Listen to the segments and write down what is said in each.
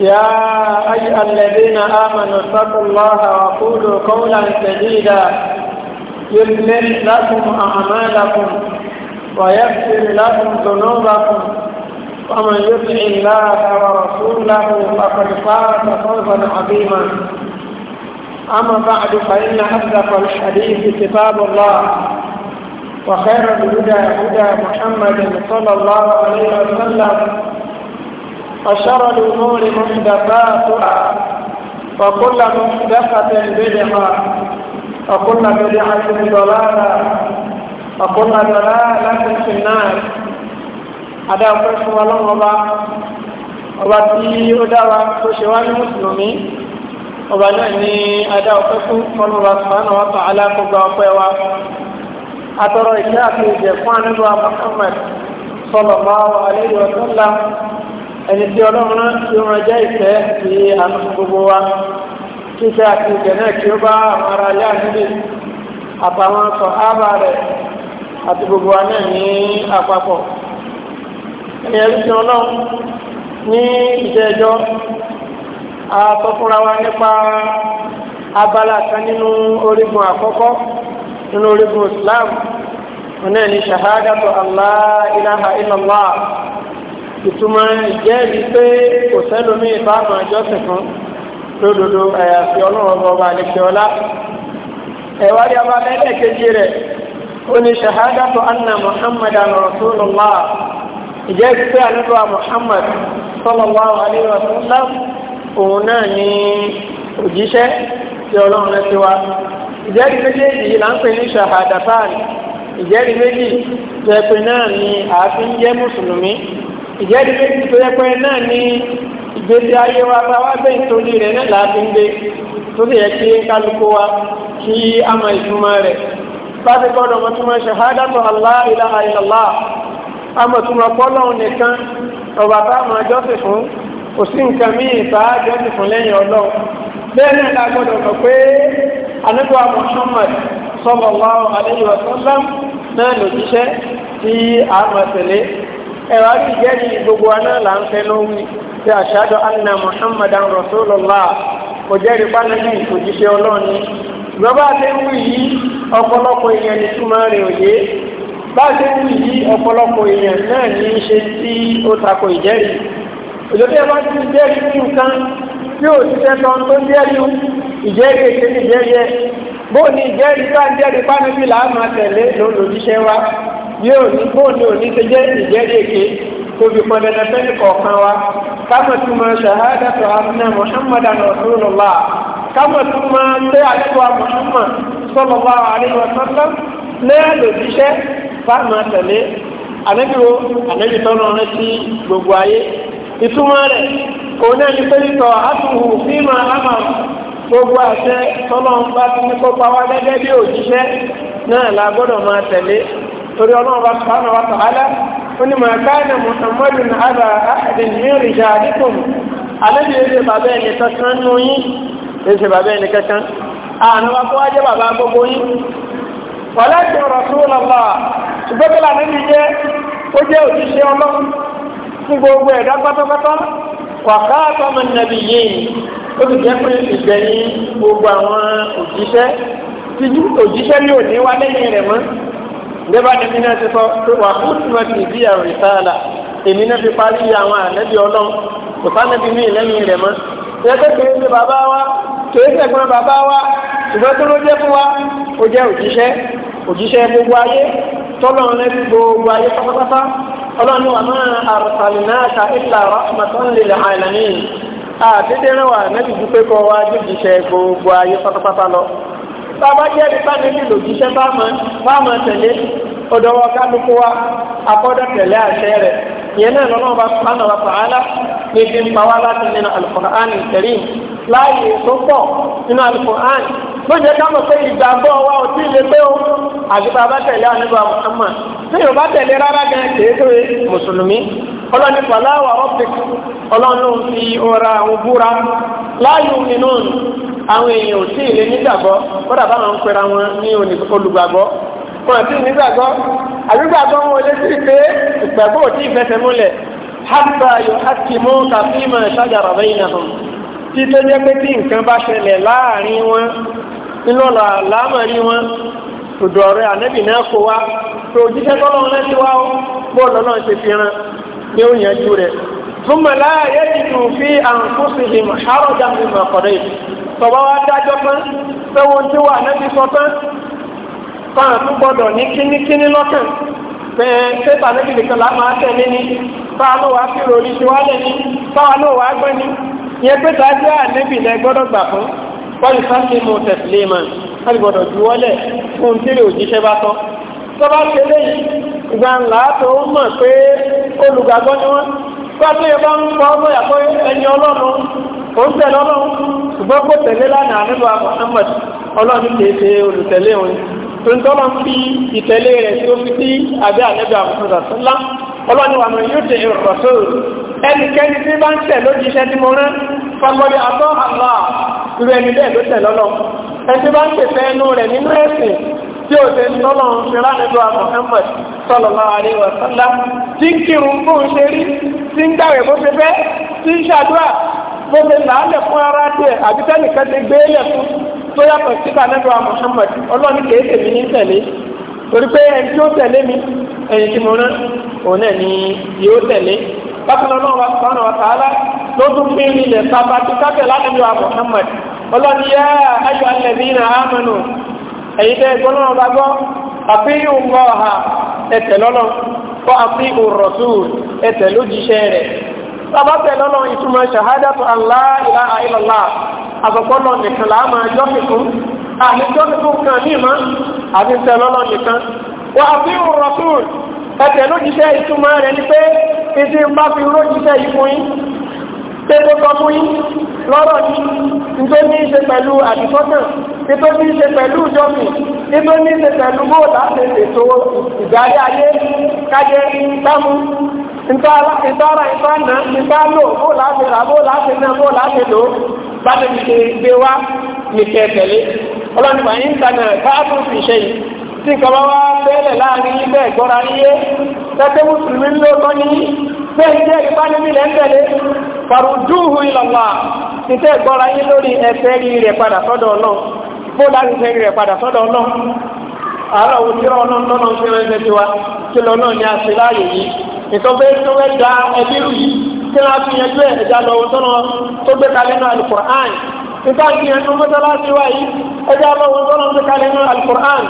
يا أيها الذين آمنوا اتقوا الله وقولوا قولا سديدا يثمر لكم أعمالكم ويغفر لكم ذنوبكم ومن يطع الله ورسوله فقد فاز فوزا عظيما أما بعد فإن أصدق الحديث كتاب الله وخير الهدى هدى محمد صلى الله عليه وسلم وشر الأمور محدثاتها وكل محدثة بدعة وكل بدعة ضلالة وكل ضلالة في النار هذا قلت ولو الله وفي أدوى كشوان مسلمي وبناني أداء قسم فالله سبحانه وتعالى قبع قوى أترى إشاء في جفان محمد صلى الله عليه وسلم ẹni tí ọlọ́run náà tí ó rọjá ìfẹ́ ti àánú gbogbo wa kíkẹ́ àti ìgbẹ̀ náà kí ó bá àwọn ará ilé àníbì àtàwọn sọ ábà rẹ̀ àti gbogbo wa náà ní àpapọ̀ ẹni ẹni tí ọlọ́run ní ìjẹ́jọ́ àtọ́fúnra wa nípa abala kan nínú orígun àkọ́kọ́ nínú orígun Islam ọ̀nà ní ṣahádàtọ̀ Allah ilaha illallah ìtumọ̀ ìjẹ́rìí pé kò sẹ́lómi ìbámu àjọsìn fún lódodo àyàfi ọlọ́run ọba àlekẹ́ ọlá ẹ̀wá rí ọba lẹ́lẹ́kejì rẹ̀ ó ní ṣahádàtò anna muhammad rasulullah ìjẹ́rìí pé àlùbọ̀ muhammad sallallahu alaihi wa sallam òun náà ní òjíṣẹ́ tí ọlọ́run rẹ̀ ti wá ìjẹ́rìí méjèèjì yìí ń jẹ́ mùsùlùmí ìjẹ́rìí méjì tó yẹ pé náà ní ìgbésí ayé wa bá wá bẹ́ẹ̀ nítorí rẹ̀ náà láti ń gbé tó lè yẹ kí kálukú wa kí a máa ìtumọ̀ rẹ̀ bá ti gbọ́dọ̀ mọ̀ tó máa ṣahádàtu Allah ilaha illallah a mọ̀ tó máa pọ́lọ́hún nìkan ọba tá a máa jọ́sìn fún kò sí nǹkan míì tá a jọ́sìn fún lẹ́yìn ọlọ́run bẹ́ẹ̀ náà la gbọ́dọ̀ mọ̀ pé anábọ̀ Muhammad sallallahu alaihi wa sallam náà lòjíṣẹ́ tí a máa tẹ̀lé ẹ̀wà rí ìjẹ́rì gbogbo aná là ń fẹ́ lóhùn tí ashadu anna muhammadan rasulullah kò jẹ́rìí pálí ní òjíṣẹ́ ọlọ́ọ̀ni ìjọba àti ń wí yìí ọ̀pọ̀lọpọ̀ èèyàn ní túmọ̀ rẹ̀ òye bá a ti ń wí yìí ọ̀pọ̀lọpọ̀ èèyàn náà ní í ṣe tí ó takò ìjẹ́rìí òjòdì ẹ̀ bá ti jẹ́rìí ní nǹkan tí ò ti tẹ́ tán tó jẹ́rìí ìjẹ́rìí èké ní ìjẹ́rìí ẹ̀ bó ni ìjẹ́rìí tá ń jẹ́rìí pálí làá máa tẹ̀lé lòlòjíṣẹ́ yóò ní bóòlù òní ṣe jẹ́ ìjẹ́rí èké tóbi pọn dandan fẹ́ni kọ̀ọ̀kan wa kámọ̀túmọ̀ ṣàhádàtọ̀ àfúnà Muhammad rasulullah kámọ̀túmọ̀ ṣé àdúrà Muhammad sallallahu alaihi wasallam lẹ́yìn lòdìṣẹ́ fáàmà tẹ̀lé àlejò àlejò tọ́nà rẹ sí gbogbo ayé ìtumọ̀ rẹ̀ òun náà ní pẹ́lú tọ́ àtúhù fíìmà àmà gbogbo àṣẹ tọ́nà bá ti ní kópa wá náà la máa tẹ̀lé torí ọlọ́run bá sọ́nà wa tàhálà ó ní màá káyọ̀ muhammadu ní àbá àhàdì ní ìrìnjà àdìkùn alẹ́bí èdè bàbá ẹni kankan nù yín èdè bàbá ẹni kankan àná wa kó wájẹ́ bàbá gbogbo yín wàlá ti rọ̀ sí ọlọ́ba ṣùgbọ́n kí lànà mi jẹ́ ó jẹ́ òṣìṣẹ́ ọlọ́run fún gbogbo ẹ̀dá pátápátá nígbà tí mina ti sọ pé wà fún tí wọn ti bí àwọn ìsáàlà èmi náà fi parí àwọn ànábì ọlọ́run kò sánẹ́bí mi lẹ́yìn rẹ̀ mọ́ yẹ́tẹ́ kìí ṣe bàbá wa kìí ṣẹ̀gbọ́n bàbá wa ṣùgbọ́n tó ló jẹ́ fún wa ó jẹ́ òjíṣẹ́ òjíṣẹ́ gbogbo ayé tọ́lọ́run lẹ́bí gbogbo ayé pátápátá ọlọ́run wà máa arsalnaka illa rahmatan lil alamin àdédéréwà nẹ́bí dúpẹ́ kọ́ wa jíjíṣẹ́ bàbá jẹ́ nípa níbi lòjíṣẹ́ bá máa tẹ̀lé ọ̀dọ̀wọ̀ kálukú wa akọ́dọ̀ tẹ̀lé àṣẹ rẹ̀ yẹn náà lọ́nà ọba sùpánà wa fàálà ní fi ń pa wá láti nínú Al-Qur'an Al-Karim láàyè tó pọ̀ nínú Al-Qur'an ló jẹ́ pé ìgbàgbọ́ wa ò tí ì lè pé o tẹ̀lé àníbà tí yóò bá tẹ̀lé rárá gan mùsùlùmí ọlọ́ni ọlọ́nu fi ọ̀rọ̀ àwọn búra láàyò nínú àwọn èèyàn ò tí ì lè nígbàgbọ́ kódà bá wọn pera wọn ní olùgbàgbọ́ wọn nígbàgbọ́ wọn ò lè sí pé ìgbàgbọ́ ò tí ì fẹsẹ̀ múlẹ̀ tí tó jẹ́ pé tí nǹkan bá ṣẹlẹ̀ láàrin wọn nínú ọ̀nà àlámọ̀rí wọn òdò ọ̀rẹ́ ànẹ́bì náà kó wá pé òjíṣẹ́ tọ́lọ́run náà ti wá ó bóòlù náà ṣe fi ran ní ó yanjú rẹ̀. túmọ̀ láàyè ìdù fi àǹkóṣe lè mọ̀ àròjà mi mọ̀ ọ̀kọ̀dọ̀ yìí tọ́wọ́ wá dájọ́ pé pé wọ́n ti wà ànẹ́bì sọ tán fáwọn tó gbọ́dọ̀ ní kínníkínní lọ́kàn pé pépà ànẹ́bì nìkan lá ni fáwọn náà wá fi rò yẹ pé tàbí ànẹ́bì lẹ gbọ́dọ̀ gbà fún wọ́n ìfásí mú tẹ̀sílẹ̀ mọ́ wọ́n gbọ́dọ̀ ju wọ́lẹ̀ fún tí lè òjíṣẹ́ bá tọ́ tó bá ṣe léyìí ìgbà ńlá tó mọ̀ pé olùgbàgbọ́ ni wọ́n bá tó yẹ bá ń pa ọmọ yàtọ̀ ẹni ọlọ́run ó ń tẹ̀lé ọlọ́run ṣùgbọ́n kò tẹ̀lé lánàá ànẹ́bà Muhammad ọlọ́run kì í ṣe olùtẹ̀lé wọn tó ń tọ́lọ́ fi ìtẹ̀lé rẹ̀ tó fi sí abẹ́ ànẹ́bà Muhammad ọlọ́run wà mọ̀ yóò tẹ̀ ẹ̀rọ̀ ẹnikẹ́ni tí bá ń tẹ̀ lójú iṣẹ́ tí mo rán fakọ́lé àtọ́ àlá irú ẹni bẹ́ẹ̀ ló tẹ̀ lọ́lọ́ ẹni bá ń tẹ̀fẹ́ inú rẹ̀ nínú ẹ̀sìn tí ó ti ń tọ́lọ̀ ń fi ránìlú Muhammad sallallahu alaihi wasallam tí ń kírun bó ń ṣe rí tí ń dáwẹ̀ bó ṣe fẹ́ tí ń ṣàdúrà bó ṣe làálẹ̀ fún ara tiẹ̀ àbí tẹ́nìkan ti gbé lẹ̀ fún tó yàtọ̀ síta nínú Muhammad ọlọ́ni kìí tèmi ní tẹ̀lé torí pé ẹni tí ó tẹ̀lé mi ẹni tí mo rán òun náà ni yóò tẹ̀lé bákan náà wà sọ́nà wàtàlá ló tún fi nílẹ̀ sábà tí kábẹ̀ lánàbí wa Muhammad ọlọ́ni yá ayọ̀ alẹ́bí na ámànù èyí tẹ́ ẹgbọ́n náà bá gbọ́ àfihàn ń gbọ́ ọ̀hà ẹ̀tẹ̀ lọ́lọ́ kọ́ àfihàn rọ̀sùl ẹ̀tẹ̀ lójíṣẹ́ rẹ̀ sábà tẹ̀ lọ́lọ́ ìtumọ̀ ṣàhádàtù Allah ilaha illallah àkọ́kọ́ lọ nìkan là á máa jọ́fikún kan ní ẹ̀tẹ̀ lójíṣẹ́ ìtumọ̀ rẹ̀ ní pé ìdí ń bá fi rójíṣẹ́ yìí fún yín pé tó sọ fún yín lọ́rọ̀ ní ìtò ní í ṣe pẹ̀lú àdìsọ́tàn ìtò ní í ṣe pẹ̀lú ìjọsìn ìtò ní í ṣe pẹ̀lú bóò láti ètò ìdarí ayé kájẹ dámú ìtara ìtọ́nà ìtálò bóò láti rà bóò láti ná bóò láti lò tí nǹkan bá wá bẹ́ẹ̀lẹ̀ láàrin yín bẹ́ẹ̀ gbọ́ra níyé tẹ́tẹ́ mùsùlùmí ló tọ́ ní bẹ́ẹ̀ jẹ́ ìbánimí lẹ́ ń tẹ̀lé farujúhu ìlànà títẹ́ gbọ́ra yín lórí ẹsẹ̀ rí rẹ̀ padà sọ́dọ̀ ọlọ́run bó láti fẹ́ rí rẹ̀ padà sọ́dọ̀ ọlọ́run àárọ̀ wo tí ọ̀nà tọ́nà ń fẹ́rẹ́ ẹsẹ̀ tiwa kí lọ náà ni a ṣe láàyè yìí nǹkan bẹ́ẹ̀ tó fẹ́ da ẹbí rù yìí kí wọ́n á fi yanjú ẹ̀ ẹ̀dá lọ wo tọ́nà tó gbé kalẹ̀ náà alukur'an nǹkan fi yanjú mọ́tọ́lá tiwa yìí lọ wo tọ́nà tó gbé kalẹ̀ náà alukur'an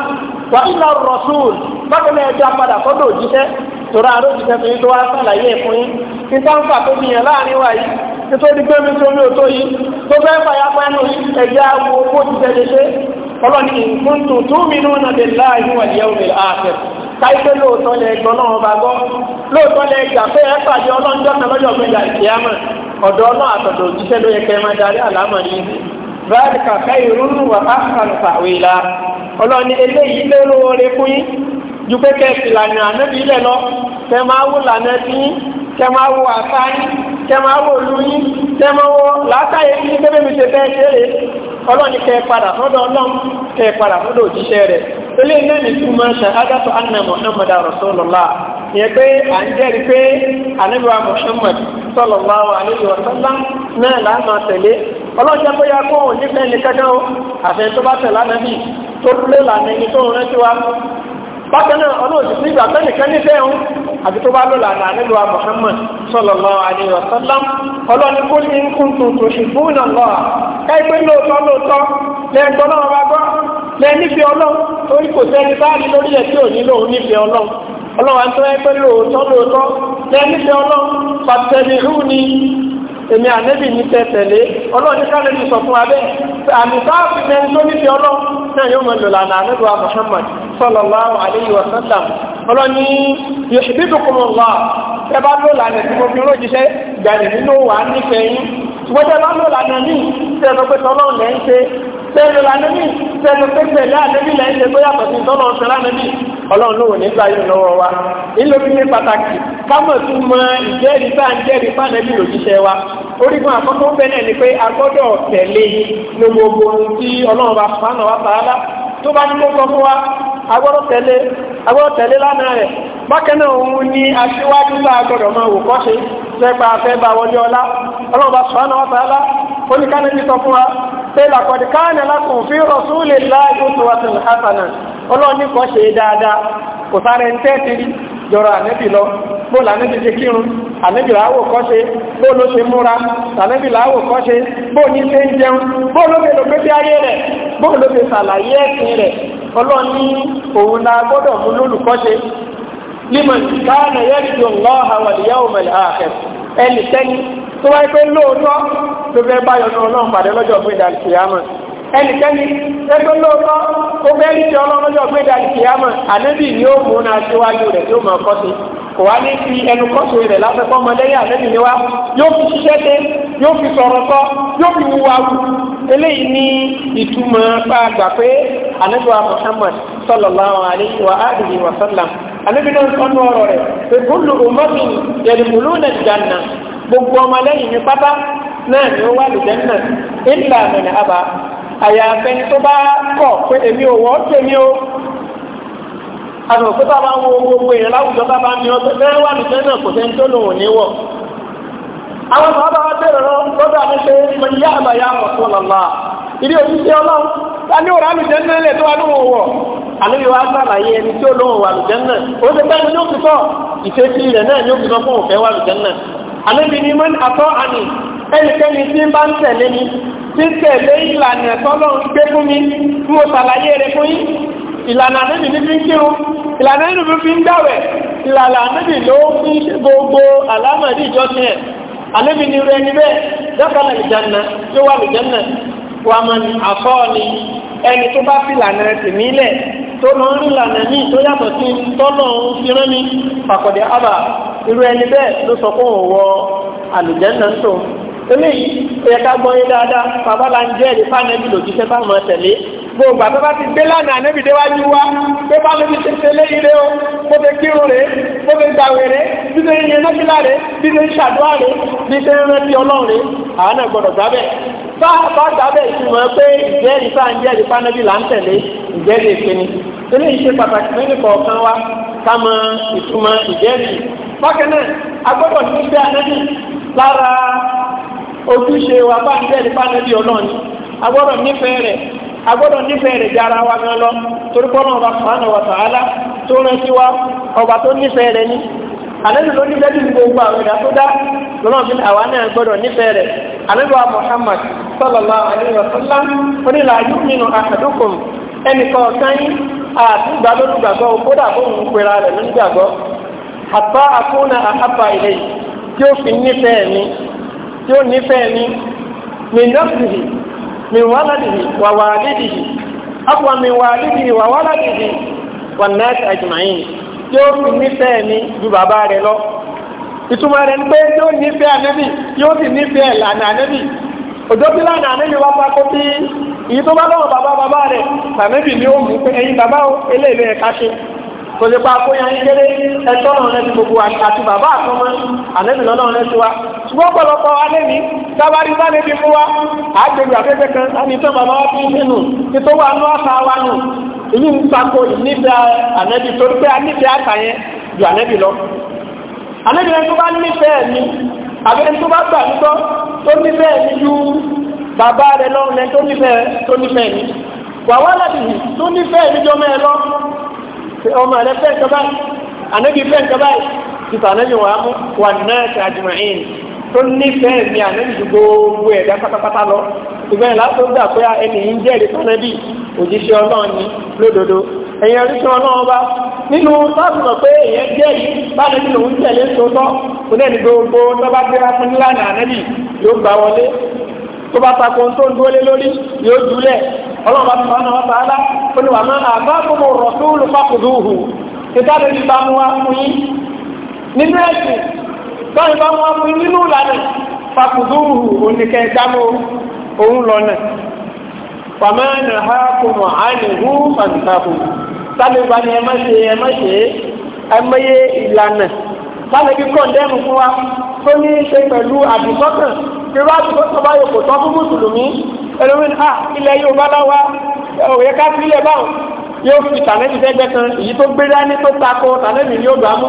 wà ilà rọ̀súùl bákan náà ẹja padà fọ́dọ̀ òjíṣẹ́ tòrọ àrò òjíṣẹ́ tó yín tó wá sàlàyé ẹ̀ fún yín kí sáńfà tó fi yàn láàrin wa yìí nítorí pé mi tó mi ò tó yìí tó fẹ́ fàyà pẹ́nu ẹja wo bó ti tẹ̀lé ṣe ọlọ́ni ìkúntù tó mi nù nà lè láàyè wà yẹ́wò lè àfẹ́ káyipẹ́ lóòótọ́ lẹ gbọ́ náà ọba gbọ́ lóòótọ́ lẹ gbà pé ẹ pàdé ọlọ́njọ́ kan lọ́jọ́ gbẹ̀yà ìkíyàmọ̀ ọ̀dọ́ náà àtọ̀dọ̀ òjíṣẹ́ ló yẹ kẹ́ máa darí àlámọ̀ ní báyìíká khairun wa ahsanu ta'wila ọlọ́ni eléyìí lérò oore fún yín ju pé kẹ́ẹ̀sì lànà ànábì ilẹ̀ lọ kẹ́ máa wò lànà sí yín kẹ́ máa wò àṣà yín kẹ́ máa wò lu yín kẹ́ máa wò látàyè yín pé bẹ́ẹ̀ mi ṣe fẹ́ ṣe rè ọlọ́ni kẹ́ padà fọ́dọ̀ ọlọ́run kẹ́ padà fọ́dọ̀ òjíṣẹ́ rẹ̀ eléyìí náà ní túmọ̀ shahadatu anna muhammadar rasulullah yẹn pé à ń jẹ́rìí pé ànábì wa muhammad sallallahu alaihi wa sallam náà làá máa tẹ̀lé ọlọ́jọ́ pé ya kó òun nífẹ̀ẹ́ ní kẹ́kẹ́ o àfẹ́ tó bá tẹ̀lá nàbí tó lé lànà ẹni tó rẹ́ sí wa bákan náà ọlọ́jọ́ sí ìgbà pẹ́nìkan nífẹ̀ẹ́ òun àti tó bá lò lànà nílùú wa Muhammad sallallahu alaihi wasallam ọlọ́ni kó ní kúntù tó ṣì fún ìnà lọ à káìpé lóòótọ́ lóòótọ́ lẹ́ẹ̀gbọ́n náà wá gbọ́ lẹ́ẹ̀nífẹ̀ẹ́ ọlọ́run torí kò sẹ́ni èmi ànẹ́bì ní tẹ̀tẹ̀lé ọlọ́run ní káàlẹ́ ti sọ fún abẹ́ àmì sáàfì mẹ́rin tó níbi ọlọ́run náà yóò mọ̀ lòlá náà ànẹ́bì wa Muhammad sallallahu alayhi wa sallam ọlọ́run ní yuhibbukumullah ẹ bá lòlá náà tí mo fi rọ́jíṣẹ́ gbàdé nínú wà nífẹ̀ẹ́ yín ọlọ́run ló wò lọ́wọ́ wa nílò pàtàkì kámọ̀ tún mọ ìjẹ́rìí bá ń wa orígun àkọ́kọ́ bẹ́ẹ̀ náà ni pé a gbọ́dọ̀ tẹ̀lé gbogbo tí ọlọ́run bá fún àná wa tààlà tó bá ní gbogbo fún wa a gbọ́dọ̀ tẹ̀lé a gbọ́dọ̀ tẹ̀lé lánàá rẹ̀ bákan náà ni aṣíwájú bá a gbọ́dọ̀ máa wò jẹ́ pa afẹ́ bá wọlé ọlá ọlọ́ọ̀bá sùhánà wà tààlà ó ní kánẹ́bí sọ fún wa pé làkọ̀dí káàní lakum fi rasulillahi uswatun hasana ọlọ́ọ̀ni kan ṣe dáadáa kò sáré ń tẹ́ẹ̀tì rí jọ̀rọ̀ ànẹ́bì lọ bóòlù ànẹ́bì ṣe kírun ànẹ́bì làwò kọ́ ṣe bóòlù ṣe múra ànẹ́bì làwò kọ́ ṣe bóòlù ṣe ń jẹun bóòlù ṣe lò pépé ayé rẹ̀ bóòlù ṣe ṣàlàyé ẹ̀sìn rẹ̀ ọlọ́ọ̀ni òun la gbọ́dọ̀ mú lólùkọ́ ṣe liman kana yarju Allaha wal yawmal akhir ẹnikẹ́ni tó wáyé pé lóòótọ́ ló fẹ́ bá yọnu ọlọ́run pàdé lọ́jọ́ fún ìdàlù kìyàmọ̀ ẹnikẹ́ni tó fẹ́ lóòótọ́ tó fẹ́ rí ti ọlọ́run lọ́jọ́ fún ìdàlù kìyàmọ̀ ànábì ni ó mú náà síwájú rẹ̀ tí ó mọ̀ ọkọ́ sí kò wá ní fi ẹnu kọ́sù rẹ̀ lásẹ̀kọ́ ọmọdéyà ànábì ni wá yóò fi ṣiṣẹ́ dé yóò fi sọ̀rọ̀ sọ yóò fi wúwa wù eléyìí ní ìtumọ̀ pàgbà pé ànábì wa Muhammad sallallahu alaihi wa alihi wa sallam àlébìnà ọ̀nà ọ̀rọ̀ rẹ̀ pé kúlù ọmọbìn yẹ̀dùmùlù náà jàǹnà gbogbo ọmọ lẹ́yìn ní pátá náà ni ó wà lùdẹ́ náà ìlà àmìnà àbá àyàfẹ́ tó bá kọ̀ pé èmi ò wọ́n tó èmi o àtọ̀kọ́ tá a bá ń wo gbogbo èèyàn láwùjọ tá a bá ń ní ọtọ́ bẹ́ẹ̀ wà lùdẹ́ náà kò sẹ́ni tó lòun ní wọ̀ àwọn bàbá wa bẹ̀rẹ̀ lọ́dọ̀ àmì ilé òṣìṣẹ́ ọlọ́run ta ní òrà àlùjànnà lẹ̀ tó wà ní òwò àlóyè wa sàlàyé ẹni tí ó lóun wà àlùjànnà ó ti bẹ́ẹ̀ ni ó fi sọ ìfẹ́sí rẹ̀ náà ni ó fi sọ fún òfẹ́ wà àlùjànnà àlébi ni mọ́ni àtọ́ àmì ẹnikẹ́ni tí ń bá ń tẹ̀lé mi tí ń tẹ̀lé ìlànà tọ́lọ́run gbé fún mi fún mo sàlàyé rẹ̀ fún yín ìlànà àlébi ni fi ń kírun ìlànà àlébi fi ń dáwẹ̀ ìlànà àlébi ló fi gbogbo àlámọ̀dé ìjọsìn ẹ̀ àlébi ni rẹ̀ ni bẹ́ẹ̀ dákàlà ìjànà tí ó wà àlùjànnà wàmán àfọ́ọ̀ni ẹni tó bá fi lànà ẹ̀sìn nílẹ̀ tó lọ ń rí lànà ní tó yàtọ̀ sí tọ́lọ̀ ń fi rán mi pàkọ̀dé àbà irú ẹni bẹ́ẹ̀ ló sọ fún òwò àlùjẹ́nà tó eléyìí ó yẹ ká gbọ́n yé dáadáa bàbá la ń jẹ́ èdè fáànẹ́bì lòjíṣẹ́ fáwọn tẹ̀lé gbogbo àbẹ́bá ti gbé lánàá níbi déwájú wa pé bá mi ti ṣe léyìí rẹ o bó fi kírun rẹ bó fi gbàwé rẹ bí ṣe ń yẹn náà kí láre bí ṣe ń ṣàdúrà rẹ bí ṣe ń rántí ọlọ́run rẹ àwọn náà gbọ́dọ̀ gbábẹ́ bá bá dábẹ́ ìtumọ̀ pé ìjẹ́rìí bá ń jẹ́rìí pánábì là ń tẹ̀lé ìjẹ́rìí ìpinnu ilé ìṣe pàtàkì nínú kọ̀ọ̀kan wa ká mọ ìtumọ̀ ìjẹ́rìí bákan náà agbọ́dọ̀ ní bí anábì lára ojúṣe wa bá ń jẹ́rìí pánábì ọlọ́run agbọ́dọ̀ nífẹ̀ẹ́ rẹ̀ agbọ́dọ̀ nífẹ̀ẹ́ rẹ̀ jára wa gan lọ torí pé Ọlọ́run subhanahu wa ta'ala tó rántí wa ọba tó nífẹ̀ẹ́ rẹ̀ ní àlejò ló ní bẹ́ẹ̀ ní gbogbo àwọn ìdá tó dá lọ́nà bí àwa náà gbọ́dọ̀ nífẹ̀ẹ́ rẹ̀ àlejò wa Muhammad sallallahu alaihi wa sallam onílà yúmínú ahadukum ẹnì kọ̀ọ̀kan yín àtúgbà lólùgbàgbọ́ kódà fóun pera rẹ̀ lólùgbàgbọ́ àbá àkóónà àhábà ilé tí ó fi nífẹ̀ẹ́ mi tí ó nífẹ̀ẹ́ mi mi nọ́ọ̀sì mi wàládìí wà wàlídìí àpò mi wàlídìí wà wàládìí wà náà àjùmáyìn. yóò fi nífẹ̀ẹ́ ní ju bàbá rẹ̀ lọ ìtumọ̀ rẹ̀ ni pé yóò nífẹ̀ẹ́ ànẹ́bì yóò sì nífẹ̀ẹ́ lànà ànẹ́bì òjòbí lànà ànẹ́bì wá pákó bí ìyí tó bá lọ́wọ́ bàbá bàbá rẹ̀ ànẹ́bì ni ó mú pé ẹ̀yin bàbá eléèlé ẹ̀ka ṣe kò lè pa akóyan kéré ẹ̀tọ́ náà rẹ̀ gbogbo àti bàbá àtọmọ ànẹ́bì lọ́nà rẹ̀ ti ìlú ń sako ìnífẹ́ ànẹ́bí torí pé anífẹ́ àtàyẹn ju ànẹ́bí lọ ànẹ́bí ẹni tó bá nífẹ́ ẹni àbí ẹni tó bá gbà nígbọ́ tó nífẹ́ ẹni ju bàbá rẹ lọ lẹ tó nífẹ́ tó nífẹ́ ẹni wàwá láti yìí tó nífẹ́ ẹni jọ mẹ́ẹ̀ lọ ọmọ rẹ fẹ́ kaba ànẹ́bí fẹ́ kaba ìtàn ànẹ́bí wàá mú wà náà kàdùmọ̀ ẹ̀yìn tó nífẹ̀ẹ́ mi ànábì ju gbogbo ẹ̀dá pátápátá lọ ṣùgbọ́n ẹ̀ látó gbà pé ẹni yìí ń jẹ́rìí fúnẹ́bì òjíṣẹ́ ọlọ́run ni lódodo ẹ̀yìn oríṣi ọlọ́run bá nínú sábùnà pé èèyàn jẹ́rìí báyìí nínú òun tẹ̀lé sọ́tọ́ oní ẹni gbogbo tó bá gbéra fún nílànà ànábì yóò gbà wọlé tó bá takò tó ń dúólé lórí yóò dúlẹ̀ ọlọ́run bá tún wọn tààlà ó ní wàá máa bá gbogbo rọ̀ tó lù fàkùdù hù ìtàlẹ́ báyìí bá wọ́n fún nínú ìlànà fàkùdúrù oníkẹ́ dámú òun lọ́nà pàmẹ́nà ha kùnà àìníhú fàǹtàkù sábẹ́bá ni ẹmẹ́ṣe ẹmẹ́ṣe ẹmẹ́yẹ ìlànà sábẹ́ bí kọ̀ndẹ́mù fún wa tó ní ṣe pẹ̀lú àdìsọ́kàn tí wọ́n àdìsọ́kàn bá yòkó tọ́ fún mùsùlùmí ẹlòmín à ilẹ̀ yóò bá láwa òye ká sílẹ̀ báwọn yóò fi tànẹ́bí fẹ́ gbẹ́kan èyí tó gbé dání tó takò tànẹ́bí ni yóò dàmú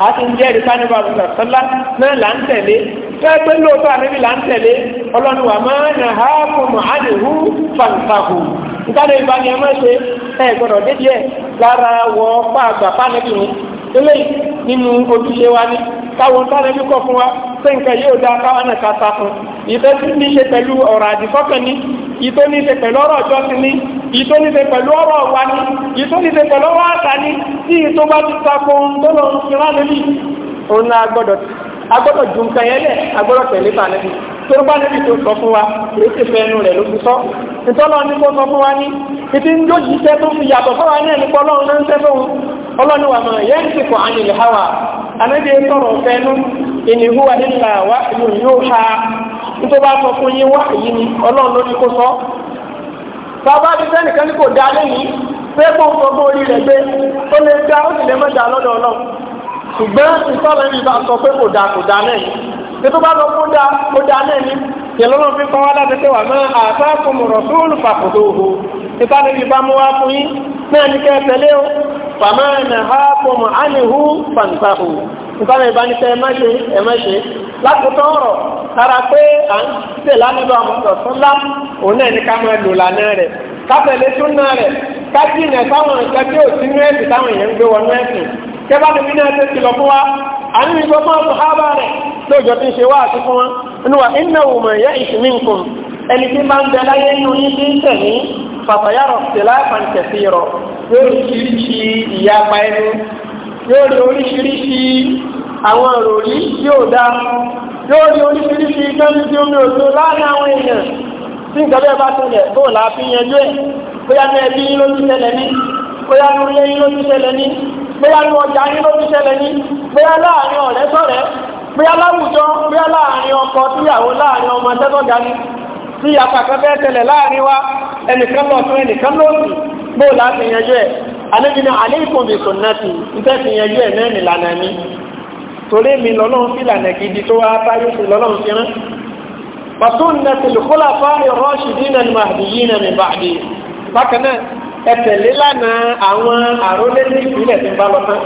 a ti ń jẹ́rìí kánibà sọ̀tọ́lá náà là ń tẹ̀lé fẹ́ẹ́gbẹ́ lóòótọ́ àníbi là ń tẹ̀lé ọlọ́nuwà máa nà ha fún mu àdìhù fàǹfàhù nítorí ìbáni ẹ̀mọ́ ṣe ẹ̀ gbọ́dọ̀ dédìí ẹ̀ lára wọ pàgbà pánẹ́bì ni eléyìí nínú ojúṣe wa ni káwọn tánẹ́bì kọ̀ fún wa pé nǹkan yóò da káwọn náà ká sá fún ìtẹ́sí ní ṣe pẹ̀lú ọ̀rọ̀ àdìfọ́kàn ni ìtó ní ṣe pẹ̀lú ọ̀rọ̀ ọjọ́ sí ni ìtòlíṣe pẹ̀lú ọ̀rọ̀ wa ní ìtòlíṣe pẹ̀lú ọ̀rọ̀ àṣà ní tí ìtò bá ti tako ohun tó lọ ń fi ní òun náà agbọ́dọ̀ agbọ́dọ̀ ju nǹkan agbọ́dọ̀ tẹ̀lé bà níbi tó bá níbi tó sọ fún wa èyí ti fẹ́ ẹnu rẹ̀ ló fi sọ ìtọ́lọ́ ní kó sọ fún wa ní ń fi yàtọ̀ ní ẹ̀nìkọ́ ọlọ́run ń tẹ́ fóun wà yẹn ti kọ̀ ha bá sọ bàbá mi sẹ́ni kan ní kò dá léyìí pé kó gbogbo orí rẹ̀ gbé ó lè dá ó sì lè mọ̀ dá lọ́dọ̀ ọlọ́run ṣùgbọ́n ìfọ̀rọ̀ ẹni bá sọ pé kò dá kò dá náà ni pé tó bá lọ kó dá kó dá náà ni ìlọ́nà fi kọ́ wá láti pé wà mọ́ àtàkùn rọ̀súùlù pàkótó òhò ìfá níbi bá mú wá fún yín náà ní kẹ́ tẹ̀lé o fàmà nà ha pọ̀ mọ́ ánìhù fàǹtà òhò ìfá níbi bá ní kẹ́ ẹ má ṣe ẹ lára pé à ń tẹ̀ lánàá àwọn ọ̀sánlá òun náà ní ká máa lò lànà rẹ̀ kápẹ̀lẹ́ tún náà rẹ̀ kájínà táwọn nǹkan tí ò sínú ẹ̀sìn táwọn èèyàn ń gbé wọnú ẹ̀sìn kẹfà níbi náà tẹ́ ti lọ fún wa a ní ìgbọ́ fún ọ̀sùn hábà rẹ̀ tó jọ tí ń ṣe wá àti fún wọn inú wa iná òmò ẹ̀yẹ ìsinmi nǹkan ẹni tí máa ń bẹ láyé inú yín bí ń tẹ̀lé fàfàyàrọ̀ tẹ̀lá àwọn ìròyìn tí ò dá yóò rí oríṣiríṣi ìjọ́jú tí omi òjò láàrin àwọn èèyàn tí nǹkan bẹ́ẹ̀ bá tẹ̀lẹ̀ bóò là á fi yanjú ẹ̀ bóyá ní ẹbí yín ló ti ṣẹlẹ̀ ní bóyá ní orí yín ló ti ṣẹlẹ̀ ní bóyá ní ọjà yín ló ti ṣẹlẹ̀ ní bóyá láàrin ọ̀rẹ́ sọ̀rẹ́ bóyá láwùjọ bóyá láàrin ọkọ tíyàwó láàrin ọmọ tẹ́tọ̀gá ni tí apàkan bẹ́ẹ̀ tẹ̀lẹ̀ láàrin wa ẹnìkan lọ fún ẹnìkan lóòsì bóò là á fi yanjú ẹ̀ alẹ́ torí mi lọ́lọ́run fi lànà gidi tó wá báyé sí lọ́lọ́run fi rán basunnati al-khulafa'i ar-rashidina al-mahdiyina min ba'di bákan náà ẹ tẹ̀lé lànà àwọn àrólé ní ìpínlẹ̀ tí ń bá lọ tán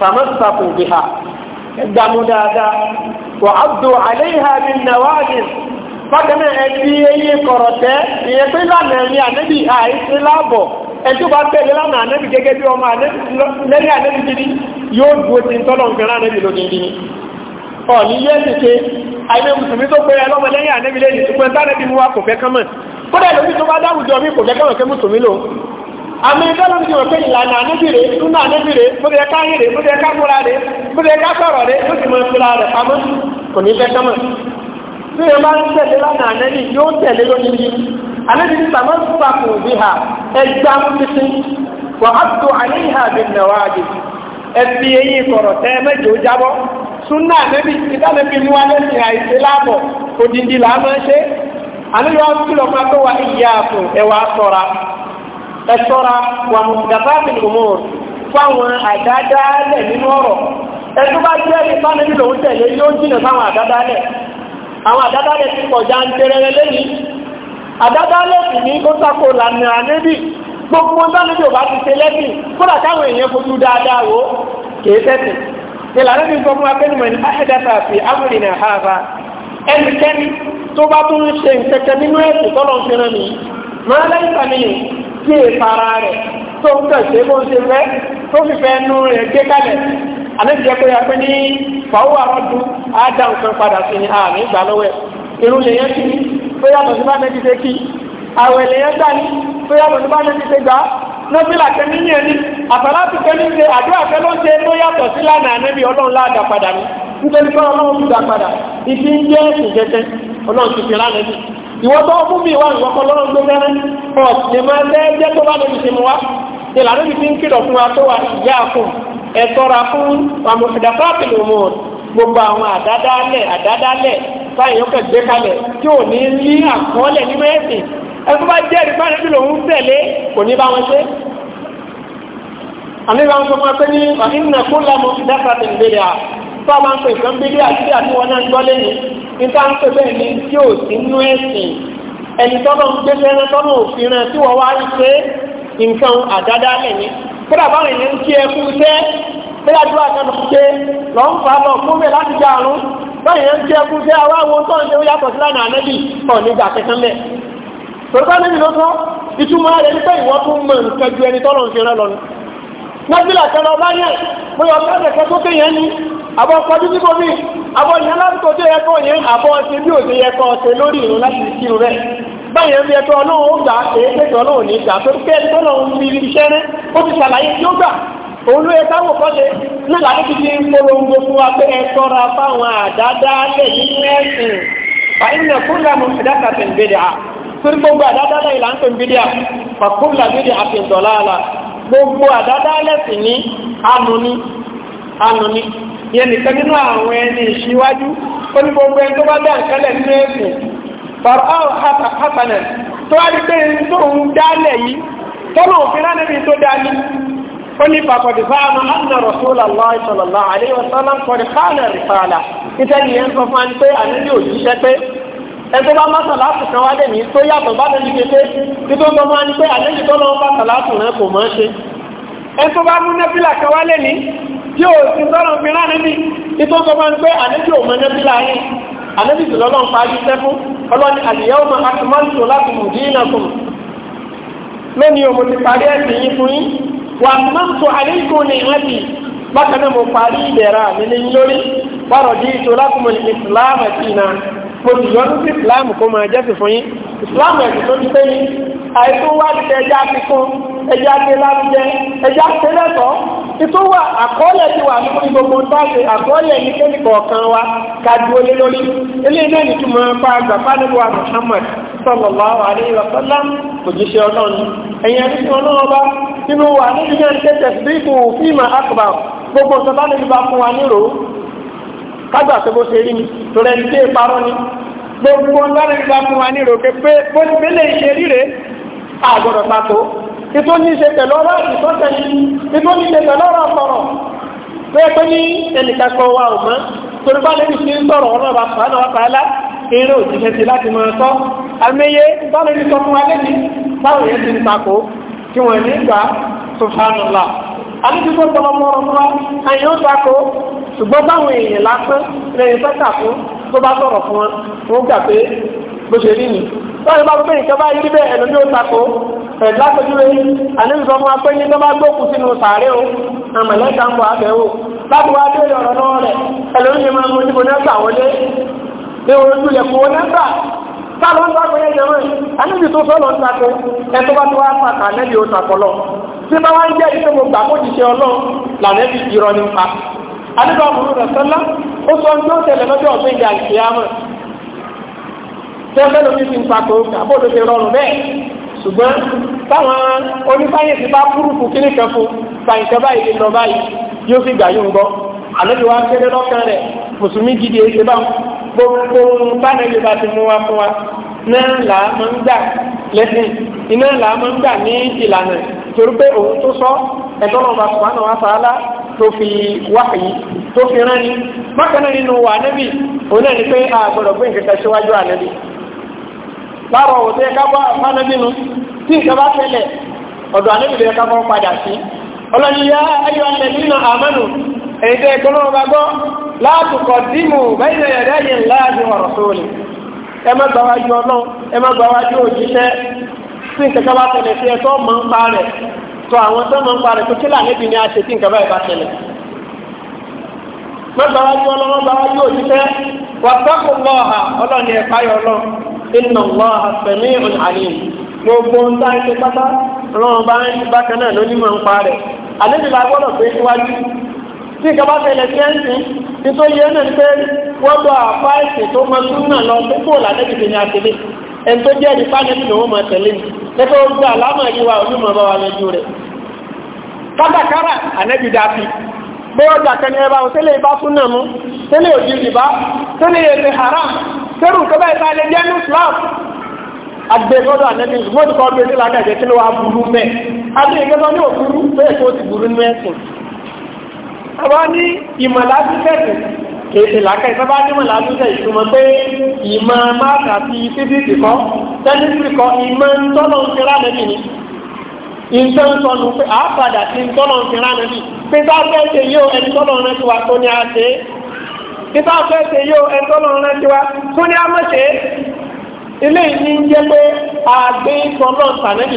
tamassaku biha ẹgbàmú dáadáa wa 'addu 'alayha bin-nawajidh bákan náà ẹ fi eyín ìyẹn pé lànà yóò dúró ti ń tọ́lọ̀ nǹkan ránẹ́bì lódìndí ni ọ̀ ní yẹ́ ti ṣe àìlé mùsùlùmí àmì ìtọ́lọ̀ ti pé ìlànà ànẹ́bì rẹ̀ túnú ànẹ́bì rẹ̀ bó ti rẹ̀ bó ti rẹ̀ bó ti yẹ ká rẹ̀ bó kò ní fẹ́ kánmọ̀ tí ẹ bá ń tẹ̀lé lánàá ànẹ́bì yóò tẹ̀lé lónìí ẹbí eyín kọ̀rọ̀ tẹ́ mẹ́jọ jábọ́ súnà nẹ́bí ìdánẹ́bí mú alẹ́ ní àìsí láàbọ̀ òdìdí là á máa ṣe àníyàn kìlọ̀ máa tó wa ìyá àpò ẹwà sọ̀ra ẹ sọ̀ra wà mú gàfá mi lò mọ́ fáwọn àdádálẹ̀ nínú ọ̀rọ̀ ẹ tó bá jẹ́ ní sánẹ́bí lòún tẹ̀lé yóò jìnà fáwọn àdádálẹ̀ àwọn àdádálẹ̀ ti pọ̀ já ń tẹrẹrẹ lẹ́yìn sì ní ó tako lànà ànẹ́bí gbogbo sálẹ́bí ò bá ti ṣe lẹ́sìn kódà táwọn èèyàn fojú dáadáa wò ó kìí tẹ̀sìn ìlànà bí gbogbo akẹ́nìmọ̀ ní ahẹ́dàfà fi amúrinà hàfà ẹnikẹ́ni tó bá tún ṣe nkẹ́kẹ́ nínú ẹ̀sìn tọ́lọ̀ ń fẹ́ràn mi máa lẹ́yìn sàníyàn kí ìfara rẹ̀ tó ń tẹ̀ ṣe bó ń ṣe fẹ́ tó fi fẹ́ nu rẹ̀ gé kalẹ̀ àlejò pé apẹ́ ní fàwọ́ àrọ́dù á dá nǹkan padà sí ni àmì ìgbà lọ́wọ́ ẹ̀ irú lè yẹn kí bóyá lọ́sibánẹ́bí fẹ́ kí àwẹ̀ lèyàn gbà ní tó yàtọ̀ ní bá ní ti ṣe gbà á nọ́bílà kẹ́mi ní ẹni àfàlàtì kẹ́mi ṣe àdúrà fẹ́ ló ń ṣe tó yàtọ̀ sí lánàá níbi ọlọ́run láàdà padà ní nítorí pé ọlọ́run ti dà padà ìdí ń jẹ́ ìjẹ́jẹ́ ọlọ́run ti fi lánàá ní. ìwọ tó fún mi wá ìwọ kan lọ́rùn gbé fẹ́rẹ́ pọ̀ ní máa lẹ́ jẹ́ tó bá lóbi ṣe mu wá ìlànà ibi tí ń kìlọ̀ fún wa tó wà ìyá fún ẹ̀tọ́ra fún àmọ̀fìdàfáàpì lòmùn gbogbo àwọn àdádálẹ̀ àdádálẹ̀ báyìí ó kẹ̀ gbé kalẹ̀ tí ò ní ní àkọọ́lẹ̀ nínú ẹ̀sìn ẹ̀fọ́ bá jẹ́ ìrìnbá rẹ̀ lòun tẹ̀lé kò ní bá wọn ṣe àmì bá ń sọ máa pé ní ìnà kó lámọ ìdáfà tẹ̀ ìbéèrè à bá máa ń pè kan bí àti àti wọn náà gbọ́ lẹ́yìn níta ń pè bẹ́ẹ̀ ni tí ò sí nú ẹ̀sìn ẹni tọ́nà ń gbé fẹ́ràn tọ́nà òfin rẹ̀ tí wọ́n wá rí pé nǹkan àdádálẹ̀ ni kódà báwọn ènìyàn ń kí ẹkú iṣẹ́ bóyá tí wàá kan lọ ṣe lọ ń fà lọ fún mi láti dá àrùn báwọn ènìyàn ń kí ẹkú iṣẹ́ àwọn àwọn tó ń ṣe ó yàtọ̀ sí lánàá tòlùkọ́ níbi ló sọ ìtumọ̀ rẹ̀ ní pé ìwọ́n tún mọ̀ nǹkan ju ẹni tọ́lọ̀ ń fi rán lọ ni. nọ́bìlà kan lọ bá yẹn pé ọ̀gá ni àbọ̀ kọjú àbọ̀ tó yẹ kọ́ yẹn àbọ̀ ṣe bí yẹ kọ́ ṣe lórí ìrún láti rẹ̀ báyẹn ọlọ́run gbà ọlọ́run ní gbà pé tí ó gbà òun ló yẹ torí gbogbo àdádálẹ̀ ìlà ń pè ń bídíà fàkúlà bídíà àti ìdọ̀láàlà gbogbo àdádálẹ̀ sì ní anuni anuni yẹn nìkan nínú àwọn ẹni ìṣíwájú ó ní gbogbo ẹni tó bá dá ìkálẹ̀ nínú ẹ̀sìn fàrọ̀ hàpànà tó wá rí pé tó ń dálẹ̀ yìí tọ́lọ̀ òfin ránẹ́bí tó dání ó ní pàkọ̀dì fáàmù anna rasulullahi sallallahu alaihi wasallam kọ̀dì fáànà rìfàlà ìtẹ́lẹ̀ yẹn sọ fún wa ní pé àníbi òjíṣẹ́ pé ẹgbẹ́ bá má sàlátù kan wá lẹ́mí tó yàtọ̀ bá lẹ́mí kété tí tó tọ́ máa ní pé àlejò tó lọ́wọ́ bá sàlátù rẹ̀ kò mọ́ ṣe ẹgbẹ́ bá mú nẹ́fílà kan wá lẹ́mí tí ó ti sọ́rọ̀ fi rán níbi tí tó tọ́ máa ní pé àlejò mọ́ nẹ́fílà yìí àlejò tó lọ́wọ́ pa ayé sẹ́fú ọlọ́ni àlìyáwó máa ti mo sì yọ́nú sí islam kó máa jẹ́sìn fún yín islam ẹ̀sìn tó ti pé yín àìsí wá ní ẹja fikún ẹja ṣe lárúgẹ ẹja ṣe lẹ́tọ̀ọ́ ìtúwà àkọọ́lẹ̀ ti wà nínú gbogbo ntáṣe àkọọ́lẹ̀ ní kẹ́nìkọ̀ kan wa kájú olé lórí eléyìí náà nìtúmọ̀ pa àgbàpá níbo wa Muhammad sallallahu alaihi wa sallam òjíṣẹ́ ọlọ́run ẹ̀yìn àti ọlọ́run ọba nínú wa níbi náà ń tẹ́tẹ̀ sí fún fíìmù akọ̀bà gbogbo ìjọba níbi bá fún wa nírò kágbà tó bó ṣe rí ni torí ẹni tí ìparọ́ ni gbogbo ọlọ́rin nígbà fún wa ní ìròkè pé bó ti gbélé ìṣe ríre àgọ́dọ̀ pàtó ìtò ní ṣe pẹ̀lú ọ̀rọ̀ ìtọ́tẹ̀ ìtò ní ṣe pẹ̀lú ọ̀rọ̀ sọ̀rọ̀ pé pé ní ẹnìkankan wa ò mọ́ torí bá lè fi sọ̀rọ̀ ọ̀rọ̀ bá fàánà wá fàálà eré òjìṣẹ́ ti láti máa sọ àmẹ́yẹ báwọn ẹni sọ fún wa lẹ́ni báwọn yẹn ti ń takò kí wọ́n ní ìgbà subhanallah àti tí tó tọ́ ọmọ ṣùgbọ́n báwọn èèyàn lásán lẹ́yìn fẹ́ta fún tó bá sọ̀rọ̀ fún wọn wọ́n gbà pé bó ṣe rí ni báyìí bá pé ìjọba yìí bẹ́ẹ̀ ẹ̀lú ní ó takò ẹ̀dí lápẹjúwe àníbi sọ ní tó bá sínú sàárẹ̀ o àmọ̀lẹ́ta ń bọ̀ àbẹ̀wò láti wá bẹ́ẹ̀ ọ̀rọ̀ náà rẹ̀ ẹ̀lú ní máa mú níbo náà gbà wọlé ní ojú lẹ̀kùn wọn náà gbà sáàlọ́ ń dákọ̀ yẹn jẹun àníbi tó sọ̀rọ̀ ń takò ẹ̀ tó bá tó wá pàtà ànẹ́bí ó takọ̀ lọ tí bá wá ń jẹ́ ìṣòro gbà kó ti ṣe àdúgbò àmúrú rẹ̀ sọ́lá ó sọ ní ó tẹ̀lé lọ́jọ́ ọ̀gbìn ìyá ìkìyàmọ̀ tẹ́lẹ̀ lómi ti ń pàtó àbóòdó ti rọrùn bẹ́ẹ̀ ṣùgbọ́n táwọn onífáyẹ̀sì bá púrùkù kí nìkan fún fàyìnkẹ́ báyìí lè lọ báyìí yóò fi gbà yóò ń gbọ́ àlejò wa kéré lọ́kàn rẹ̀ mùsùlùmí gidi èsè bá gbogbo bánẹ́lì bá ti mú wa fún wa náà là á máa ń gbà lẹ́sìn iná là á máa ń gbà ní ìlànà torí pé òun tó sọ ẹ̀tọ́ náà bá sùn tó fi wáyé tó fi rán ni bákan náà nínú ànábì òun náà ni pé a gbọ́dọ̀ gbé nǹkan kan síwájú ànábì láàrọ̀ òun tó yẹ ká bá ànábì nu tí nǹkan bá fẹ́lẹ̀ ọ̀dọ̀ ànábì ló yẹ ká bọ́ padà sí ọlọ́niyá ayọ̀ alẹ́nìyàn àmọ́nù èdè ìgbọ́nàbàgbọ́ látùkọ̀ dìmù bẹ́ẹ̀ yẹ̀dẹ́ yìí láàbí ọ̀rọ̀ sóòlì ẹ má gbàwájú ọlọ́run ẹ má gbàwájú òjíṣẹ́ sí ìtẹ̀kọ́ bá tẹ̀lé sí ẹ̀tọ́ mọ̀ ń pa rẹ̀ sọ àwọn tó máa ń parẹ́ pé kílà níbi ni a ṣe tí nǹkan báyìí bá ṣẹlẹ̀. mọ́tò wá yọ ọlọ́wọ́ bá wá yóò jíṣẹ́ wà sọ́kùn lọ́ọ̀hà ọlọ́ọ̀ni ẹ̀ka yọ lọ iná lọ́ọ̀hà pẹ̀lú ìrìn àlè gbogbo ń tá ẹsẹ̀ pátá ọlọ́run bá ń bákan náà lóní máa ń parẹ́ àlejò la gbọ́dọ̀ pé síwájú tí nǹkan bá ṣẹlẹ̀ sí nítorí yẹn náà wọ́n àpá ẹ̀sìn tó máa náà lọ ni lẹ́tọ́ gbogbo àlámà yìí wa onímọ̀ bá wa lẹ́jú rẹ̀ kátàkárà ànẹ́bì dáfi bóyá ọjà kan ẹba ò tẹ́lẹ̀ ìbá fún nàmú tẹ́lẹ̀ òjì ìbá tẹ́lẹ̀ èdè haram tẹ́rù kọ́bẹ̀ ìta ilẹ̀ jẹ́ ní Islam agbẹ́gbọ́dọ̀ ànẹ́bì wọ́n ti kọ́ bí ojú lànà ẹ̀jẹ̀ kí ló wà burú mẹ́ adé ìgbẹ́gbọ́ ní òburú bẹ́ẹ̀ tó ti burú mẹ́sìn àwa ní kéèké làákà ìsábà nímọ̀ làbújá ìtumọ̀ pé ìmọ̀ máàkì àti fífíìsì kọ́ tẹ́lifíìsì kọ́ ìmọ̀ ntọ́nà òṣèré ànẹ́bì ni ìtọ́ ń sọnù pé àápàdà tí ntọ́nà òṣèré ànẹ́bì pé bá fẹ́ ṣe yóò ẹni tọ́nà ọ̀rẹ́ ti wá tó ní àṣẹ bí bá fẹ́ ṣe yóò ẹni tọ́nà ọ̀rẹ́ ti wá tó ní àmọ̀ṣe ilé yìí ń jẹ́ pé àgbẹ̀ tọ́nà ọ̀sànẹ́bì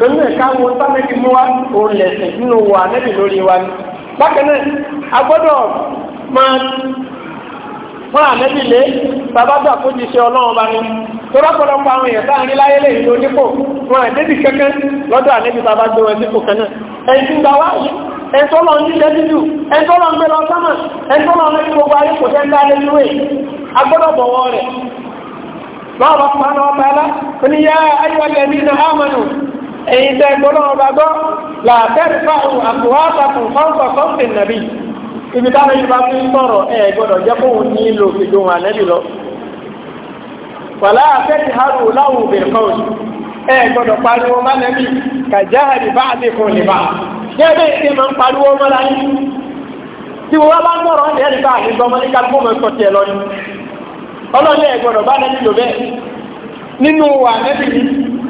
torí ẹ̀ wo sámẹ́kì mú wa òun lẹ̀sìn nínú wo ànẹ́bì lórí wa ni bákan náà a máa fún ànẹ́bì lé bàbá gbà kó di ṣe ọlọ́run bá ní torí ọ̀pọ̀lọpọ̀ àwọn èèyàn tá à rí láyé nípò lọ́dọ̀ ànẹ́bì bàbá gbé wọn kan náà wá lọ ní lọ ẹ̀ ẹ̀yin tẹ́ gbọ́dọ̀ ọba gbọ́ làtẹ́rì fáwọn àtúwàtà fún fáwọn sọ́ọ̀tì nàbí ibi táwọn yìí bá fi ń sọ̀rọ̀ ẹ̀ gbọ́dọ̀ jẹ́ kó wọn ní lò fi dùn ànẹ́bí lọ. wàlá àtẹ́tì harù láwùn bẹ̀rẹ̀ kọ́ọ̀d ẹ̀ gbọ́dọ̀ pariwo má nàbí kàjá àdì bá àdì fún ní bá. yẹ́bẹ̀ ìṣe máa ń pariwo mọ́ láyé tí wọ́n bá ń sọ̀rọ̀ ẹ̀ ẹ̀ ẹ̀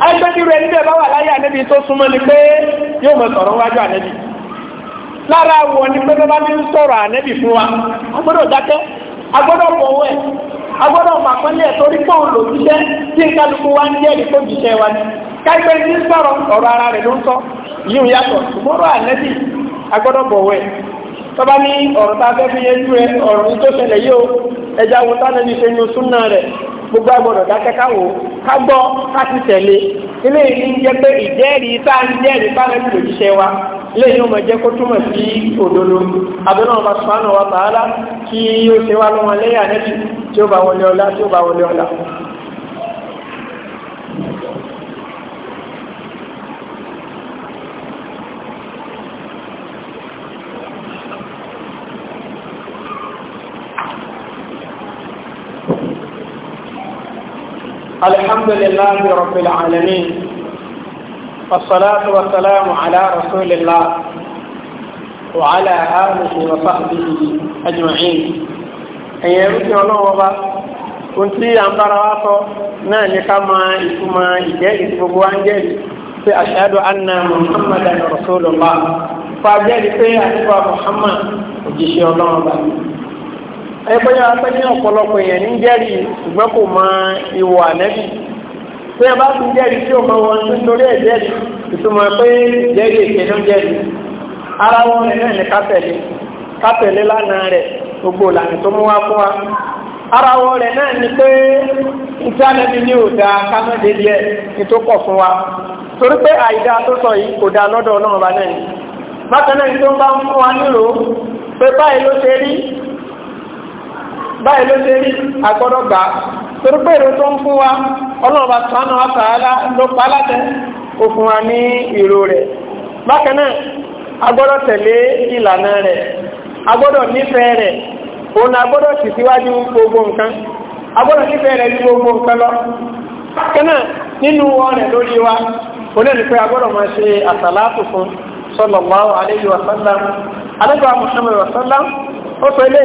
agbẹ́dìrú ẹni bẹ́ẹ̀ bá wà láyé ànẹ́bí tó súnmọ́ ni pé yóò mọ̀ sọ̀rọ̀ wájú ànẹ́bí lára wọ̀ ni pé bá mi ń sọ̀rọ̀ ànẹ́bí fún wa agbọ́dọ̀ dákẹ́ agbọ́dọ̀ mọ̀ wẹ̀ agbọ́dọ̀ mọ̀ àpọ́nlẹ̀ tí n kálukú wa ń jẹ́ ẹ̀rí jíṣẹ́ wa ni kágbẹ́ ní sọ̀rọ̀ ọ̀rọ̀ ara rẹ̀ ló ń sọ yíyún yàtọ̀ ànẹ́bí agbọ́dọ̀ bọ̀ wẹ̀ tọ́ba ní ọ̀rọ̀ tá a fẹ́ fi ju o ẹja wo tá a ṣe gbogbo agbọ́dọ̀ dákẹ́ káwò ká kati ká ti tẹ̀lé ilé yìí ń jẹ́ pé ìjẹ́rìí tá ń jẹ́rìí bára ní òjíṣẹ́ wa ilé yìí ó mọ̀ jẹ́ kó túmọ̀ sí òdodo abẹ́rẹ́ ọba sùpánù wa tààlà kí ó ṣe wá lọ́wọ́ lẹ́yìn ànẹ́bí tí ó bá wọlé ọlá tí ó bá wọlé ọlá. الحمد لله رب العالمين والصلاة والسلام على رسول الله وعلى آله وصحبه أجمعين ẹ̀yẹ rúkì ọlọ́wọ́ bá ohun tí à ń bára wá sọ náà ní ká máa ìtumọ̀ ìjẹ́rìí tí gbogbo wa ń jẹ́rìí pé ashhadu anna muhammadan rasulullah fàájẹ́rìí pé àdúgbò muhammad òjíṣẹ́ ọlọ́wọ́ bá mi. ẹgbẹ́ ya apẹ́ ní ọ̀pọ̀lọpọ̀ èèyàn ní jẹ́rìí ṣùgbọ́n kò mọ ìwọ ànẹ́bí tí a bá ti jẹ́rìí tí o mọ wọn tó torí ẹ̀ jẹ́rìí ìtumọ̀ pé jẹ́rìí èké ló ara wọn rẹ̀ náà ní kátẹ̀lé kátẹ̀lé lánàá rẹ̀ gbogbo tó mú wá fún wa ara wọn rẹ̀ náà ní pé iṣẹ́ ànẹ́bí ní ò díẹ̀ ní tó báyìí ló ṣe rí agbọ́dọ̀ gbà á torí pé èrò tó ń fún wa ọlọ́run sànù àtàlá ló pa látẹ ó wa ní ìró rẹ̀ bákan náà agbọ́dọ̀ tẹ̀lé ìlànà rẹ̀ agbọ́dọ̀ nífẹ̀ẹ́ rẹ̀ òun náà agbọ́dọ̀ sì síwájú gbogbo nǹkan agbọ́dọ̀ nífẹ̀ẹ́ rẹ̀ ní gbogbo nǹkan lọ bákan náà nínú lórí wa òun ní pé agbọ́dọ̀ máa ṣe ó sọ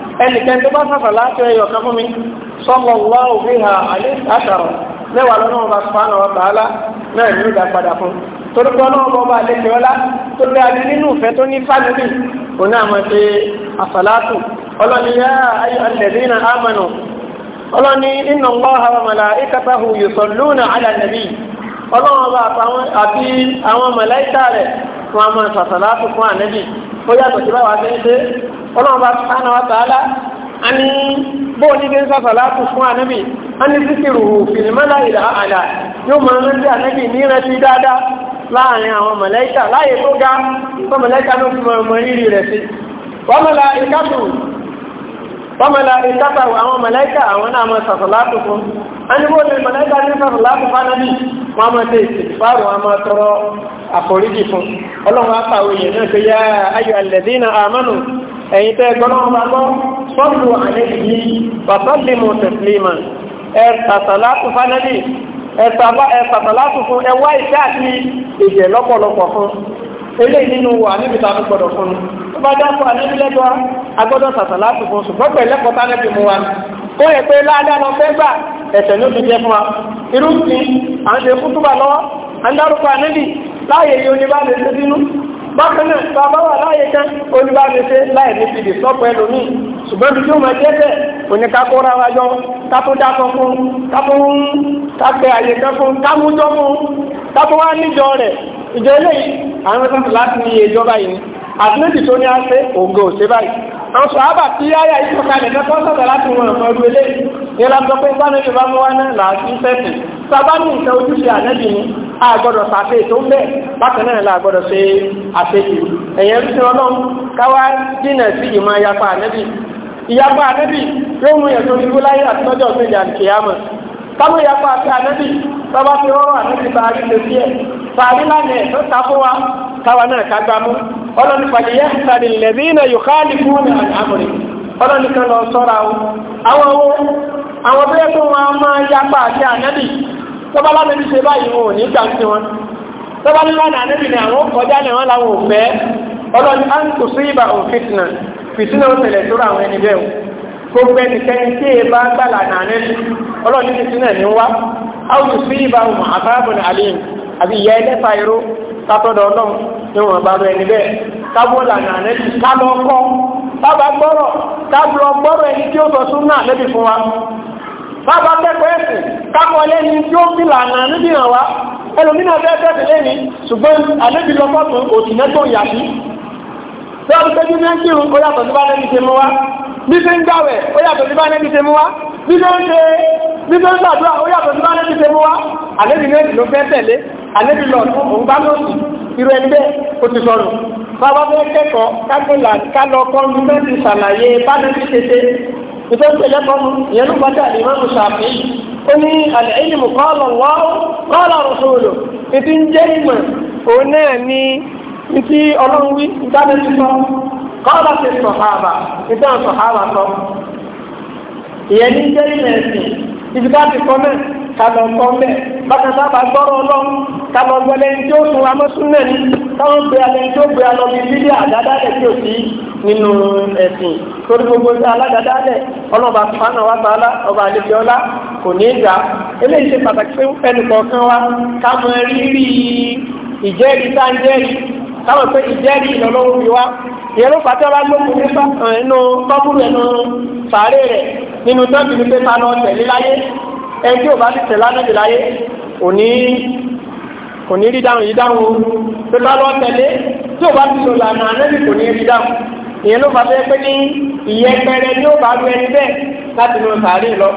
ẹnìkan tó bá sàfà láti ẹyọ kan fún mi sọ́mọ wá òfin ha àlẹ́ àṣàrọ̀ mẹ́wàá lọ́nà ọba sùpánà ọba àlá náà ní ìgbà padà fún torí pé ọlọ́run ọba àlejò ọlá tó dá ní nínú ìfẹ́ tó ní fámìlì òní àwọn ẹ̀fẹ́ àfàlátù ọlọ́ni yá ayọ̀ alladhina amanu ọlọ́ni inna Allaha wa malaikatahu yusalluna ala nabi ọlọ́run ọba àti àwọn màláíkà rẹ̀ wọn a máa sàfàlátù fún ànẹ́bì ó yàtọ̀ sí báwa ṣe ń ṣe ọlọ́run bá sánà wa tààlà a ní bóò ní gẹ́gẹ́ sàlátù fún ànábì a ní síkìrù fìlìmọ́lá ìlà àdá yóò máa ń rántí ànábì ní rántí dáadáa láàrin àwọn mọ̀lẹ́kà láyé tó ga tó mọ̀lẹ́kà ló fi mọ̀ rírì rẹ̀ sí wọ́mọ̀lá ìkátù wọ́mọ̀lá ìkátà àwọn mọ̀lẹ́kà àwọn náà mọ̀ sàlátù fún a ní bóò ní mọ̀lẹ́kà ní sàlátù fún ànábì wọ́n máa tẹ ìsìnkú wọn máa tọrọ àforíjì fún ọlọ́run apàwòye náà tó yá ayọ̀ alẹ́dínà àmọ́nù ẹ̀yin tẹ́ gbọ́nà ọba lọ sọ́ọ̀lù àlejò yìí bàtọ́lì mọ̀ tẹ̀sílímà ẹ̀ tàtàlátù fánẹ́lì ẹ̀ tàtàlátù fún ẹwà ìṣẹ́ àti ìjẹ̀ lọ́pọ̀lọpọ̀ fún eléyìí nínú àníbìtà tó gbọdọ̀ fún un tó bá dá fún àníbì lẹ́jọ́ agbọ́dọ̀ tàtàlátù fún ṣùgbọ́n pẹ̀lú ẹ̀kọ́ tánẹ́bì mú wa kó yẹ pé láàdá lọ fẹ́ gbà ẹ̀sẹ̀ ní oṣù jẹ́ fún wa irú sí à ń ṣe fútúbà lọ́wọ́ à ń dárúkọ àníbì bákan náà bàbá wà láàyè kan olùbánisẹ́ láì ní fìdí sọ́pọ̀ ẹlòmíì ṣùgbọ́n bí tí ó máa jẹ́ bẹ́ẹ̀ oníkakóra wa jọ kápó dákọ̀ fún kápó ń kápẹ́ àyè kan fún kámújọ́ fún kápó wá níjọ rẹ̀ ìjọ eléyìí àwọn ẹgbẹ́ láti ní ìjọba yìí àtúntì tó ní á ṣe òǹgò ṣe báyìí àwọn sọ̀hábà tí yáyà ìfọ̀kalẹ̀ lẹ́kọ́ sọ̀tọ̀ láti wọn ọ̀nà ọdún eléyìí ní ẹlẹ́gbọ́n pé sáà ní ìjọba mú wá náà làásì sẹ́sì sábà ní nǹkan ojúṣe ànẹ́bì a gbọ́dọ̀ sàfé tó ń bẹ́ bákan náà la gbọ́dọ̀ ṣe àfẹ́jù ẹ̀yẹ rúṣin ọlọ́run káwá dínà sí ìmọ̀ ìyapa ànẹ́bì ìyapa ànẹ́bì yóò mú yẹn tó ní wúláyé àti lọ́jọ́ ìpínlẹ̀ àdìkèyàmọ̀ káwá ìyapa àti ànẹ́bì tọ́ba fi rọ́rọ́ ànẹ́bì bá rí lè fi ẹ̀ fàárí lánàá ẹ̀ tó ta fún wa káwa náà ká gbámú ọlọ́ni fàdíyẹ́ sàdí lẹ́dínà yóò káàlì fún àmọ̀rẹ́ ọlọ́ni kan lọ sọ́ra àwọn àwọn tó yẹ wọn máa yapa àti ànẹ́bì tọ́ba lánàbí ṣe báyìí wọn ò ní gbà sí wọn tọ́ba ní lánàá níbi ni àwọn kọjá ni wọ́n làwọn ò fẹ́ ọlọ́ni á ń tò sí ìbà òun fìtìnà fìtìnà ó tẹ̀lẹ̀ tó àwọn ẹni bẹ́ẹ̀ gbogbo ẹnikẹ́ni tí èé bá gbà lánàá níbi ọlọ́ni fìtìnà ní wá áwùjọ sí ìbà òun àbábọ̀ ní àlẹ́ àbí ìyá ẹlẹ́fà irú sátọ́dọ̀ ọlọ́run ní wọn bá lọ ẹni bẹ́ẹ̀ kábọ̀ lánàá níbi ká lọ kọ́ ẹni tí ó sọ súnmọ́ àlẹ́bí fún wa bàbá kẹ́kọ̀ọ́ ẹ̀sìn kápọ̀ lẹ́ni tí ó fi níbi ẹlòmínà lẹ́ni ṣùgbọ́n tí wọ́n tẹ́jú ní kírun ó yàtọ̀ sí bá lẹ́ni ṣe mú wá bí ṣe ń gbàwẹ̀ ó yàtọ̀ sí bá lẹ́ni ṣe mú wá bí ṣe ń ṣe bí ṣe ń ó yàtọ̀ sí bá lẹ́ni ṣe mú wá ìjọ ń tẹ̀lé kọ́nu ìyẹn ló gbàdá ìmáàmù Ṣáfi'í ó ní al-ilmu qala Allahu qala rasuluhu ìdí ń jẹ́ ìmọ̀ òun náà ní ìtí ọlọ́run wí ìdánilẹ́sí sọ qala ti sọ̀hábà sọ lọ kọ́ mẹ́ ní tí ó sun amọ́sún náà káwọn gbé ní tí ó nínú ẹ̀sìn torí gbogbo ṣe aládàádáálẹ̀ ọlọ́ba fana wa bàálà ọba àlejò ọlá kò ní í gbà eléyìí ṣe pàtàkì pé ẹnì kọ̀ọ̀kan wa ká mọ rírì ìjẹ́rìí tá ń jẹ́rìí káwọn pé ìjẹ́rìí ìlọ́lọ́wọ́ fi wá ìyẹn ló fàtẹ́ wá lókun nípa ẹnu tọ́búrú ẹnu sàárè rẹ̀ nínú tọ́jú ní pé ta lọ tẹ̀lé láyé ẹni tí ò bá ti tẹ̀lé ánàbì láyé òní òní rí dáhùn yìí dáhùn pé ta lọ tẹ̀lé tí ò bá ti lò lànà ánàbì kò ní rí dáhùn ìyẹn ló bá fẹ́ pé ní ìyẹpẹrẹ ni ó bá lu ẹni bẹ́ẹ̀ láti lọ sàárè lọ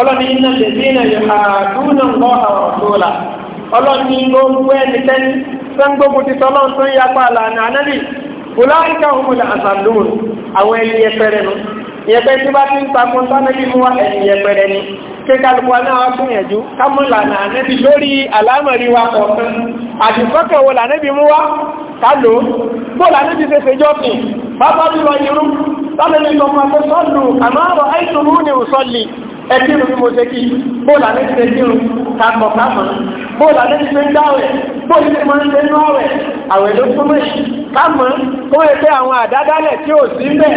ọlọ́ni iná tẹ̀sí iná yẹn àdúrà ń bọ́ àwọn ọ̀tún la ọlọ́ni gbogbo ẹnikẹ́ni sẹ́ńgbógun ti sọ́lọ́ tó ń yapa àlànà ànábì fúláìkà òmùlà àtàlùmù àwọn ẹni yẹpẹrẹ nu ìyẹpẹ tí bá ti ń ta fún sánábì mú wa ẹni yẹpẹrẹ ni kí kálukú náà wá gbìyànjú kámúlànà ànábì lórí àlámọ̀rí wa kọ̀ọ̀kan àdìsọ́kẹ̀ wo lànábì mú wa kálò bó lànábì ṣe ṣe jọ́sìn pápá jùlọ irú sábẹ́ni ìtọ́kùn akẹ́sọ́lù àmárọ̀ àìsùnmú ni ò sọ́lì ẹkírun bí mo ṣe kí bóòlù àti ṣe kírun kakọ̀ kámọ̀ bóòlù àti ṣe dáwẹ̀ bóòlù ti máa ń ṣe ń àwẹ̀ ló fún mẹ́ṣì kámọ̀ ó yẹ pé àwọn àdádálẹ̀ tí ò sí mẹ́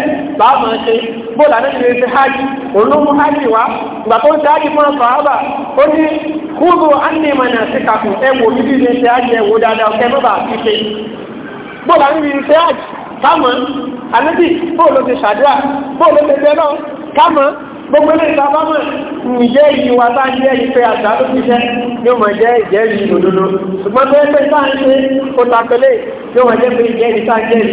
ṣe ṣe ṣe hajj hajj wá ìgbà hajj fún ọkọ̀ àbà ó ní kúrò sí bíbí hajj dáadáa ọ̀kẹ́ mọ́bà ànábì bóòlù ti ṣàdúrà bóòlù ti bẹ́ẹ̀ náà kámọ́ gbogbo ilé ìta bá mọ̀ ǹjẹ́ ìwà bá jẹ́ ìfẹ́ àṣà ló fi jẹ́ yóò mọ̀ jẹ́ ìjẹ́ rí òdodo ṣùgbọ́n tó ẹgbẹ́ tá à ń ṣe kó ta pẹ̀lẹ́ yóò mọ̀ jẹ́ pé ìjẹ́ rí tá à ń jẹ́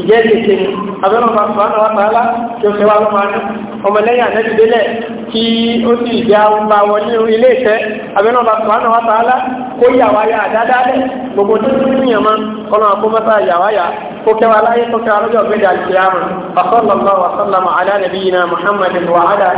ìjẹ́ rí èké ni abẹ́rẹ́ ọba sọ̀rọ̀ àwọn àpàlá tí ó fẹ́ wá lọ́mọ àná ọmọlẹ́yìn ànẹ́bìdélẹ̀ kí ó sì ìjà ọba wọn ní ilé ìfẹ́ abẹ́rẹ́ ọba sọ̀rọ̀ àwọn àpàlá kó yàwá yà dáadáa lẹ̀ gbogbo tó ń yàn mọ́ kọ́nà àkómọ́tà yàwá yà كوكا ولا يكوكا رجع بدا القيامة فصلى الله وسلم على نبينا محمد